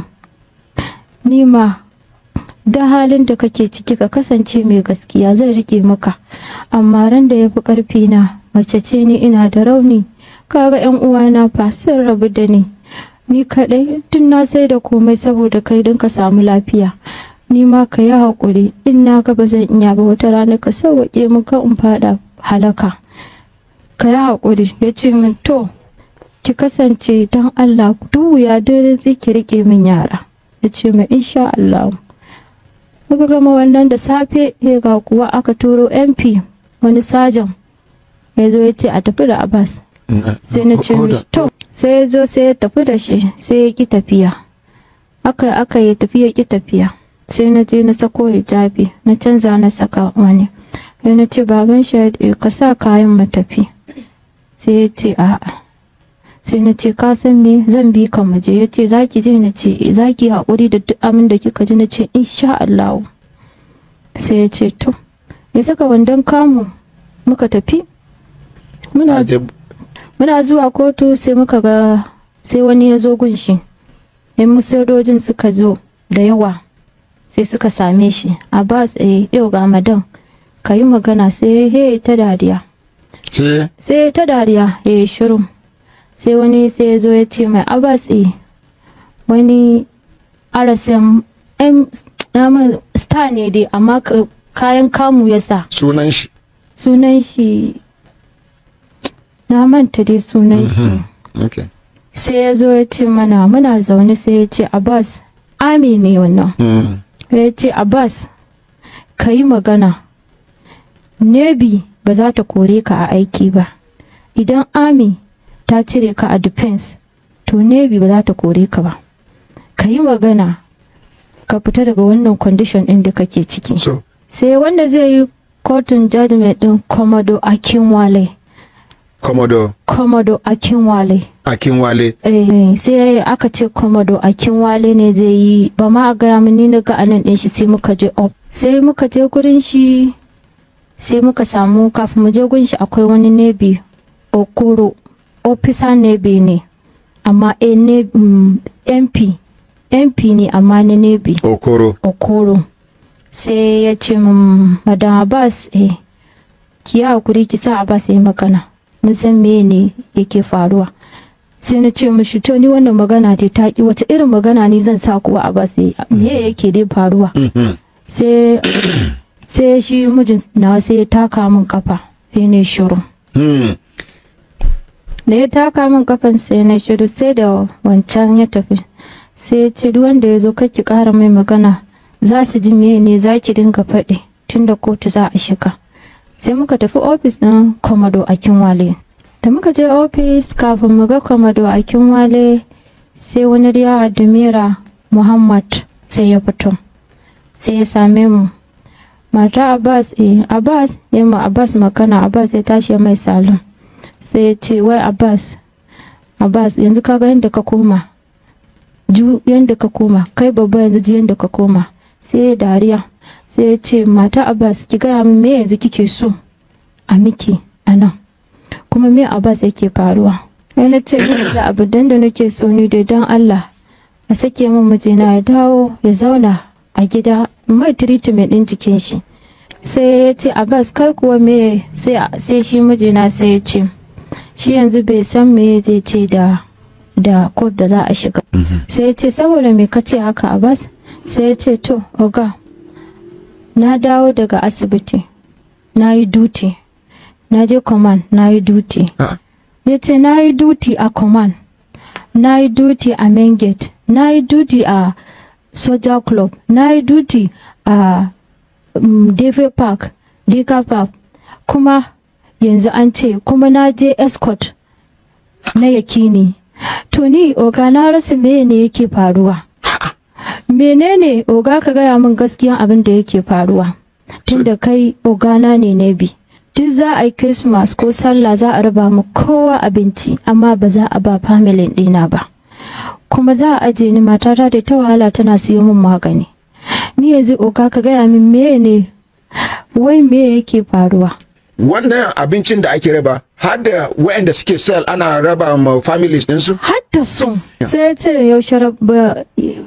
ni ma da halin da kake ciki ka kasance mai gaskiya zai rike maka amma ran da yafi karfi na mace ce ni ina da rauni kaga yan uwana fa sun rabu da ni ni kaɗai tun na sai da komai saboda kai don ka samu lafiya ni ma ka yi haƙuri in na ga ba zan iya ba wata rana ka sauwaƙe min ka in faɗa halaka ka yi haƙuri ya ce min to ki kasance don Allah duk ya dare ki riƙe min yara ya ce min insha Allah muka gama wannan da safe ya ga kuwa aka turo MP wani sajan ya zo ya ce a tafi da Abbas mm, mm, sai na ce to sai ya zo sai ya tafi da shi sai ya ki tafiya aka aka yi tafiya ki tafiya sai na je na sako hijabi na canza na saka wani sai na ce baban shahid eh, ka sa kayan mu tafi sai ya ce a'a sai na ce ka san me zan bi ka je ya ce za ki je na ce eh, za ki haƙuri da duk amin da kika ji na ce insha Allah sai ya ce to ya saka wandon kamu muka tafi muna muna zuwa kotu sai muka ga sai wani ya zo gunshi yan musadojin suka zo da yawa sai suka same shi abbas eh yau ga madan ka yi magana sai he ta dariya sai ta dariya ya yi shirin sai wani sai ya zo ya ce mai abbas eh wani arasin star ne dai amma kayan kamu ya sa sunan shi sunan shi na manta dai sunan shi mm-hmm. sai ya zo ya ce mana muna zaune sai ya ce abbas ami ne wannan mm-hmm. ya ce abbas ka yi magana nebi ba za ta kore ka a aiki ba idan ami ta cire ka a defense to nebi ba za ta kore ka ba ka yi magana ka fita daga wannan condition ɗin da kake ciki sai wanda zai yi kotun judgment ɗin komodo akinwale Komodo. Komodo Akinwale. Akinwale. Eh, sai aka ce Komodo Akinwale ne zai yi ba ma a gaya mini na ga anan ɗin shi sai muka je op. Sai muka je gurin shi sai muka samu kafin mu je gurin shi akwai wani nebi Okoro. ofisa nebi ne amma eh, ne, MP. Mm, MP ne amma ne nebi. Okoro. Okoro. Sai ya ce madam Abbas eh ki yi hakuri ki sa Abbas ya yi magana. mun san mene yake faruwa sai na ce mushi to ni wannan magana ce ta ki wata irin magana ne zan sa kuwa a basi mm-hmm. me yake dai faruwa mm-hmm. sai sai shi mijin na sai ya taka min kafa sai ne shiru mm-hmm. da ya taka min kafan sai na shiru sai da wancan ya tafi sai ya ce wanda ya zo kake kara mai magana za su ji me ne za ki dinga faɗi tunda kotu za a shiga sai muka tafi ofis ɗin komodo a kinwale da muka je ofis kafin mu ga komodo a kinwale sai wani riya admira muhammad sai ya fito sai ya same mu mata abbas e abbas ya ma abbas makana abbas ya tashi mai salon sai ya ce wai abbas abbas yanzu ka ga yadda ka koma ju yadda ka koma kai babba yanzu ji yadda ka koma sai ya dariya sai ya ce mata abbas ki gaya min me yanzu kike so a miki a nan kuma me abbas yake faruwa sai na ce yanzu abu dan da nake so ni da dan allah a sake min mijina ya dawo ya zauna a gida mai treatment ɗin jikin shi sai ya ce abbas kai kuwa me sai shi mijina sai ya ce shi yanzu bai san me zai ce da da da za a shiga mhm. sai ya ce saboda me kace haka abbas sai ya ce to oga na dawo daga asibiti na yi duty na je command na yi duty ah. ya ce na yi duty a command na yi duty a main gate na yi duty a soja club na yi duty a um, park dika park kuma yanzu an ce kuma na je escort na yakini to tuni oga na rasa meye ne yake faruwa menene oga ka gaya min gaskiyan abin da yake faruwa tunda kai ogana ne na bi duk za a yi christmas ko sallah za a raba mu kowa abinci amma ba za a ba family ɗina ba kuma za a aje ni matata da ta wahala tana siyo min magani ni yanzu oga ka gaya min me wai me yake faruwa wannan abincin da ake raba har da waɗanda suke sell ana raba ma families ɗinsu? da su sai ya ce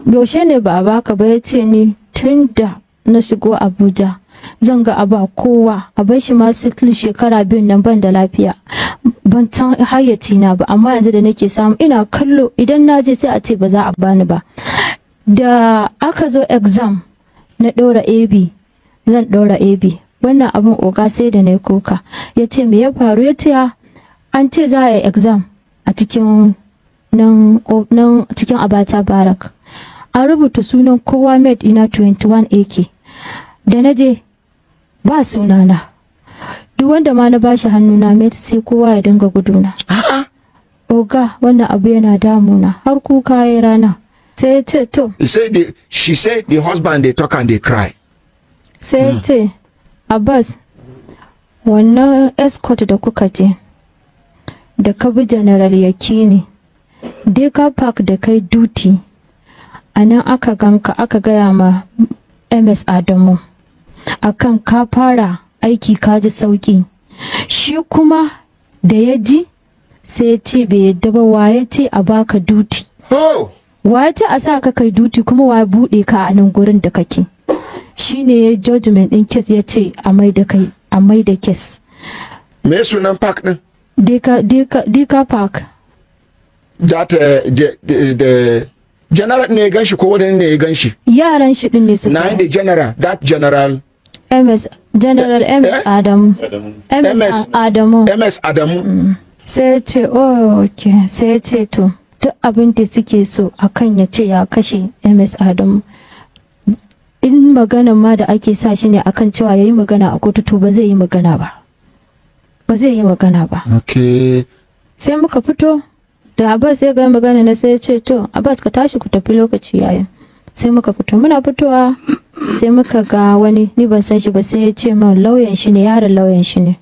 yaushe ne ba a baka ba ya ce ni tun da na shigo Abuja zan ga a ba kowa a bar shi ma shekara biyun nan ban da lafiya ban san hayyaci na ba amma yanzu da nake samu ina kallo idan na je sai a ce ba za a bani ba da aka zo exam na ɗora AB zan ɗora AB wannan abin oga sai da na kuka ya ce me ya faru ya ce ah, an ce za a yi exam a cikin nan cikin abata barak an rubuta sunan kowa med ina 21 ak da na je ba sunana duk wanda ma na bashi hannuna met sai kowa ya dinga guduna oga wannan abu yana damuna har kuka ya rana sai ya ce to she said the husband they talk and they cry sai ya hmm. ce Abbas, wannan escort da kuka je, da ka bi General Yakini, Deka Park da kai duty, a nan aka ganka aka gaya ma MS Adamu, akan ka fara aiki ka ji sauƙi. Shi kuma da ya ji sai ya ce bai yadda ba waye ce a baka duty. Waye ce a sa ka kai duty kuma ya buɗe ka a nan gurin da kake. Shi ne ya judgment ɗin kes ya ce a mai da kai a mai da kes me sunan park ɗin dika dika dika park that uh, the, general ne ya shi ko wani ne ya shi yaran shi ɗin ne su na the general that general ms general ms eh? adamu ms adamu ms adamu mm. sai ce oh, okay sai ce to duk abin da suke so akan ya ce ya kashe ms adamu in magana ma da ake sa shi ne akan cewa yayi magana a kotu to ba zai yi magana ba ba zai yi magana ba sai muka fito da Abbas ya ga magana na sai ya ce to Abbas ka tashi ku tafi lokaci yayin sai muka fito muna fitowa sai muka ga wani ni ban san shi ba sai ya ce min lauyan shi ne yaron lauyan shi ne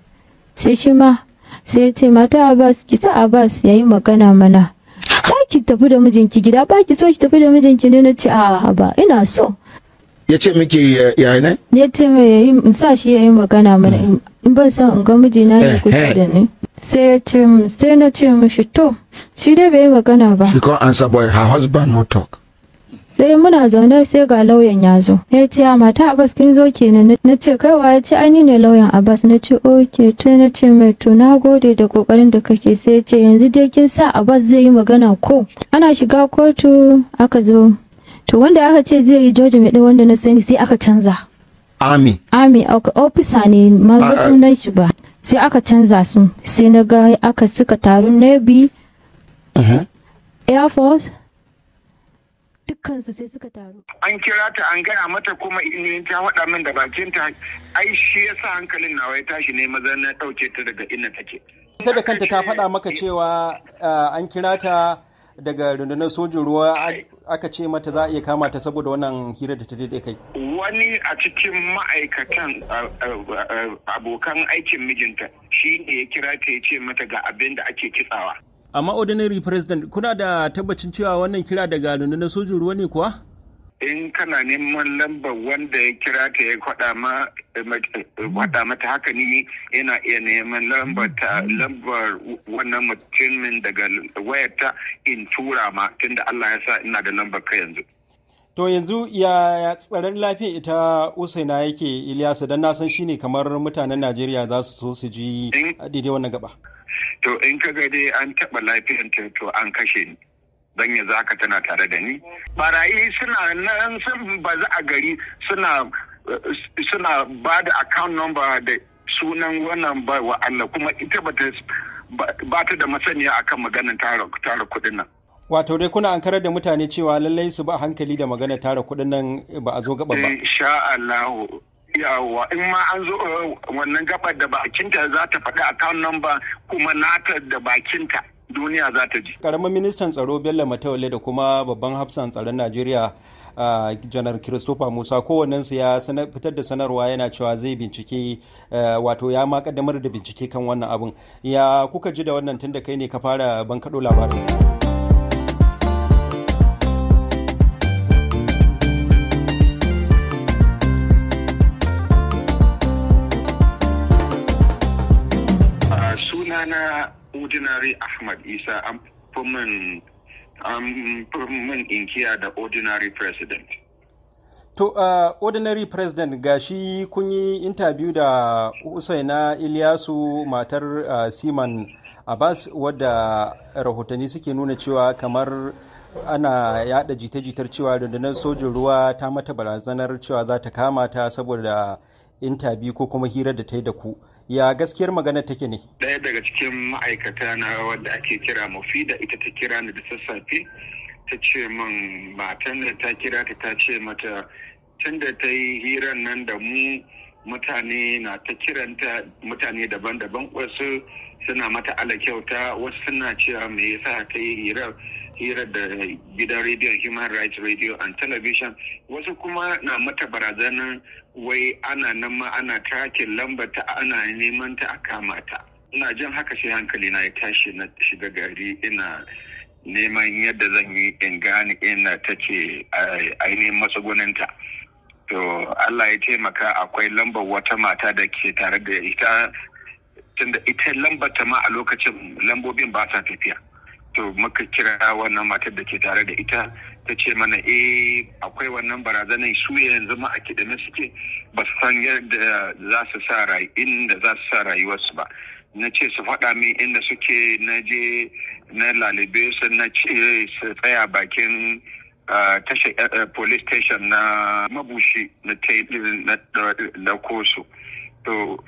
sai shi ma sai ya ce mata Abbas ki sa Abbas yayi magana mana ki tafi da mijinki gida ba ki so ki tafi da mijinki ne na ce a ba ina so ya ce miki ya ne? ya ce mai in sa shi ya yi magana mana mm. in ban san in ga mijina ya eh, kusa eh. da ni sai ya ce sai na ce mishi to shi dai bai yi magana ba she can't answer boy her husband no talk sai muna zaune sai ga lauyan ya zo ya ce a mata abbas kin zo kenan na ce wa ya ce ani ne lauyan abbas na ce oke sai na ce mai to na gode da kokarin da kake sai ya ce yanzu dai kin sa abbas zai yi magana ko ana shiga kotu aka zo to wanda aka ce zai yi George Mede wanda na sani sai aka canza Ami. army ofisa ne ma ga sunan shi ba sai aka canza su sai na ga aka suka taru navy uh-huh. air force dukkansu sai suka taru. An kira ta an gaya mata kuma in ta faɗa min da bakin ta ai shi sa hankalin nawa ya tashi ne maza na ɗauke ta daga inda take. Ita da kanta ta faɗa maka cewa uh, an kira ta daga rundunar sojin ruwa aka ce mata za a iya kama ta saboda wannan hira da ta daidai kai? Wani a cikin ma'aikatan abokan aikin mijinta shi ne ya kira ta ya ce mata ga abin da ake kitsawa. Amma ordinary president kuna da tabbacin cewa wannan kira daga nuna sojin ruwa ne kuwa? in kana neman lambar wanda ya kira ta ya kwada eh, eh, mata haka ni yana iya neman lambar mm. wannan mutumin daga wayarta in tura ma tunda Allah ya sa ina da lambar ka yanzu. To yanzu ya tsaron lafiya ita Usaina yake Ilyasu don na san shine kamar mutanen Najeriya za su so su ji daidai wannan gaba. To in ka gade dai an taba lafiyanta to an kashe ni. Zan yi zaka tana tare da ni barayi suna nan sun za a gari suna suna ba da account number da sunan wannan ba wa Allah kuma ita ba ta da masaniya akan maganar tara kuɗin nan Wato dai kuna an karar da mutane cewa lallai su ba hankali da magana tara kuɗin nan ba a zo gaba ba. Insha Allah. Yawa in ma an zo wannan gabar da bakinta za ta faɗi account number kuma nata da bakinta. duniya za ta ji. Karamin ministan tsaro Bello Matawalle da kuma babban hafsan tsaron Najeriya a janar Christopher Musa kowannensu ya fitar da sanarwa yana cewa zai bincike wato ya ma kaddamar da bincike kan wannan abin ya kuka ji da wannan tun da kai ne ka fara ban kaɗo labarin. ordinary ahmad isa an min inkiya da ordinary president to uh, ordinary president gashi kun yi interview da usaina iliyasu matar uh, siman abbas wadda rahotanni suke nuna cewa kamar ana yada jita-jitar cewa rundunar sojin ruwa ta mata barazanar cewa za ta kama ta saboda intabi ko kuma hirar da ta yi da ku ya gaskiyar magana take ne ɗaya daga cikin ma'aikata na wadda ake kira mufida ita ta kira ni da sassafe ta ce min matan da ta kira ta ta ce mata tun da ta yi hiran nan da mu mutane na ta kiranta mutane daban-daban wasu suna mata ala kyauta wasu suna cewa me yasa ta yi hirar hira da gidan rediyon human rights radio and television wasu kuma na mata barazanar wai ana nan ma ana takin lambata ana neman ta a kama ina jin haka sai hankali na ya tashi na shiga gari ina neman yadda zan yi in gane ina eh, ta ce ainihin matsugunanta to Allah ya taimaka akwai lambar wata mata da ke tare da ita tunda ita lambar ta ma a lokacin lambobin ba sa tafiya to muka kira wannan matar da ke tare da ita ta ce mana e akwai wannan barazanar su yanzu ma a na suke ba su san yadda za su sa inda za su sa rayuwarsu ba na ce su faɗa min inda suke na je na lalibe su na ce su tsaya bakin tashar eh, eh, police station na mabushi na na koso to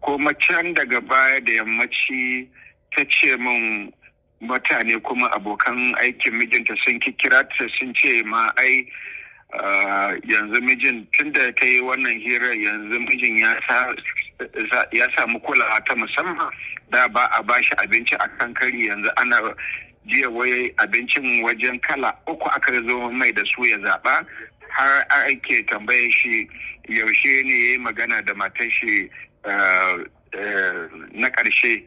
ko can daga baya da yammaci ta ce min mutane kuma abokan aikin mijinta sun kikira ta sun ce ma ai yanzu mijin tunda ta yi wannan hira yanzu mijin ya samu kulawa ta musamman da ba a bashi abinci a kan kari yanzu ana jiya waye abincin wajen kala uku aka zo mai da su ya zaɓa har ake tambaye shi yaushe ne ya yi magana da matar shi na ƙarshe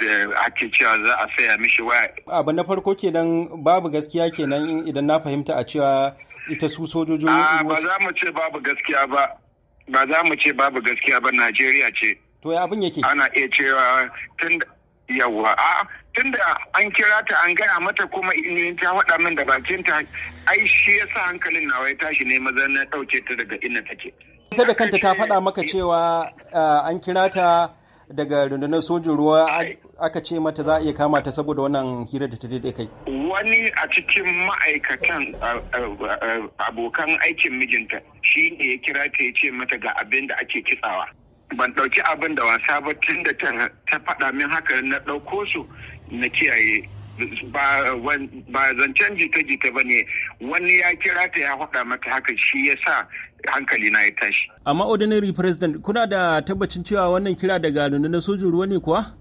da ake cewa za a saya mishi waya. Abu na farko kenan babu gaskiya kenan idan na fahimta a cewa ita su sojojin. ba za mu ce babu gaskiya ba. Ba za mu ce babu gaskiya ba Najeriya ce. To ya abin yake? Ana iya cewa tun yawa a da an kira ta an gaya mata kuma in ta faɗa min da bakinta ai shi ya sa hankalin nawa ya tashi ne maza na ɗauke ta daga inda take. Ita da kanta ta faɗa maka cewa an kira ta daga rundunar sojin ruwa aka ce mata za a iya kama ta saboda wannan hira da ta daidai kai wani a cikin ma'aikatan abokan aikin mijinta shi ne ya kira ta ya ce mata ga abin da ake kitsawa ban ɗauki abin da wasa ba tun da ta faɗa min haka na ɗauko su na kiyaye ba zancen jita-jita ba ne wani ya kira ta ya faɗa mata haka shi ya sa hankali na ya tashi. Amma ordinary president kuna da tabbacin cewa wannan kira daga na sojin ruwa ne kuwa?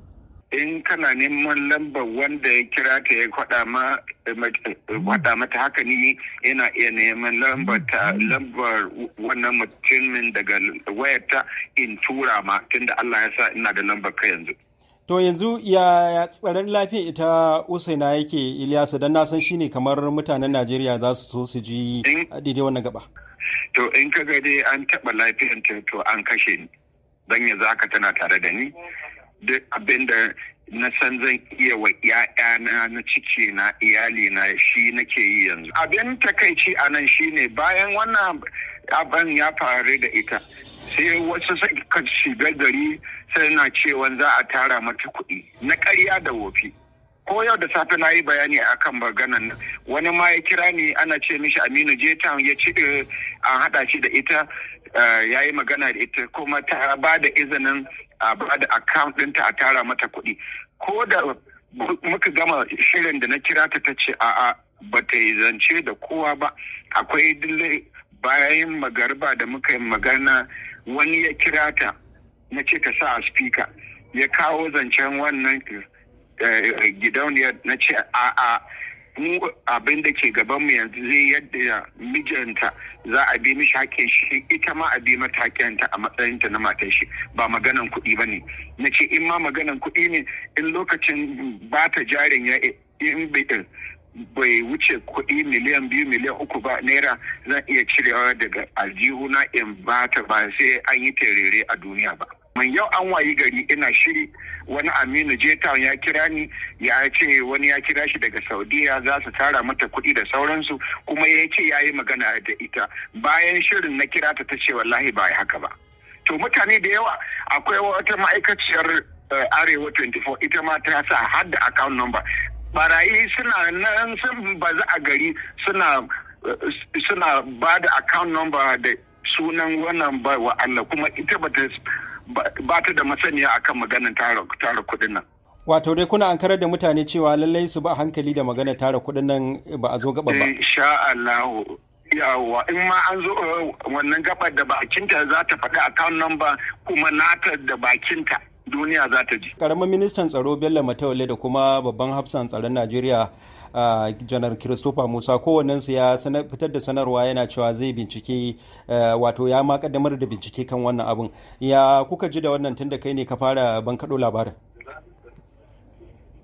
in kana neman lambar wanda ya kira ta ya eh, eh, kwada mata haka ni yana iya neman lambar ta lambar wannan mutumin daga wayata in tura ma tunda Allah ya sa ina da lambar ka yanzu. To yanzu ya tsaron lafiya ita Usaina yake Ilyasu dan na san shine kamar mutanen Najeriya za su so su ji daidai wannan gaba. To in ka ga dai an taɓa ta to an kashe ni. dan ya zaka tana tare da ni. duk abin da na san zan iya wa ‘ya'yana na ciki na iyali na shi nake yi yanzu. Abin takaici a nan shi ne bayan wannan abin ya faru da ita sai wasu suka shiga gari sai na cewa za a tara mata kuɗi na ƙarya da wofi. ko yau da safe na yi bayani a kan maganan wani ma ya kira ni ana ce mishi aminu jeta ya ci eh, an haɗa shi da ita eh, ya yi magana da ita kuma ta ba da izinin a ba da account ɗinta a tara mata kuɗi ko da muka gama shirin da na kira ta tace ce a'a ba ta yi zance da kowa ba akwai dille bayan magarba da muka yi magana wani ya kira ta na ce ta sa a speaker ya kawo zancen wannan eh, gidauniyar na ce a'a mu abin da ke mu yanzu zai yadda mijinta za a bi mishi haƙƙin shi ita ma a bi mata ta a matsayinta na matan shi ba maganan kuɗi ba ne na ce in ma maganan kuɗi ne in lokacin ba ta jarin ya in bai wuce kuɗi miliyan biyu miliyan uku ba naira zan iya cirewa daga aljihuna in ba ta ba sai an yi terere a duniya ba. Man yau an wayi gari ina shiri wani aminu jetown ya kira ni ya ce wani ya kira shi daga saudiya za su tara mata kuɗi da sauransu kuma ya ce ya yi magana da ita bayan shirin na kira ta ta ce wallahi ba haka ba to mutane da yawa akwai wata ma'aikaciyar eh, arewa 24 ita ma ta sa har da account number barayi suna nan sun baza a gari suna eh, suna ba da account number da sunan wannan ba wa Allah kuma ita ba ta ba ta da masaniya akan maganar tara kuɗin nan. Wato dai kuna an karar da mutane cewa lallai su ba hankali da magana tara kuɗin nan ba a zo gaba ba. Insha Allah yawa in ma an zo eh, wannan gabar da bakinta za ta faɗi account number kuma nata da bakinta duniya za ta ji. Karamin ministan tsaro Bello Mataule da kuma babban hafsan tsaron Najeriya janar christopher musa kowannensu ya fitar da sanarwa yana cewa zai bincike eh, wato ya ma kaddamar da bincike kan wannan abun ya kuka ji da wannan tun da kai ne ka fara bankaɗo labarin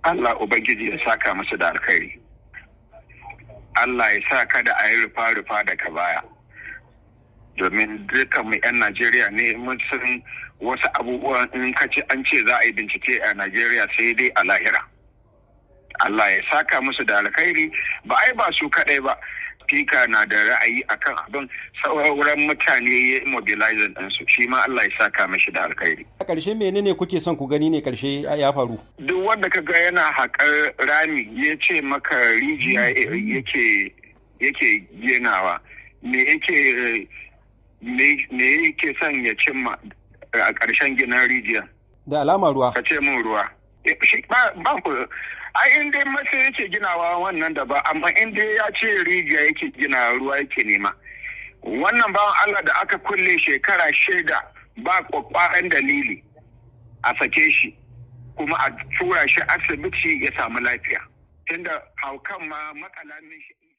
allah ubangiji ya saka masa da alkhairi allah ya sa kada a yi rufa-rufa daga baya domin duka mu 'yan najeriya ne mun wasu abubuwan in ka ce an ce za a yi bincike a najeriya sai dai a lahira Allah ya saka musu da alkhairi ba ai ba su kadai ba fika na da ra'ayi akan abin sauran mutane ya mobilize ɗinsu shi ma Allah ya saka mashi da alkhairi. A ƙarshe menene kuke son ku gani ne ƙarshe ya faru? Duk wanda ka ga yana haƙar rami ya ce maka rijiya e, yake yake genawa me yake me son ya cimma a ƙarshen ginin rijiya? Da alama ruwa. Ka ce min ruwa. E, ba ku ai in dai masa yake ginawa wannan da ba amma in dai ya ce rijiya yake gina ruwa yake nema wannan bawan Allah da aka kulle shekara shaida ba kwakwaran dalili a sake shi kuma a tura shi asibiti ya samu lafiya tunda haukan ma makalamin shi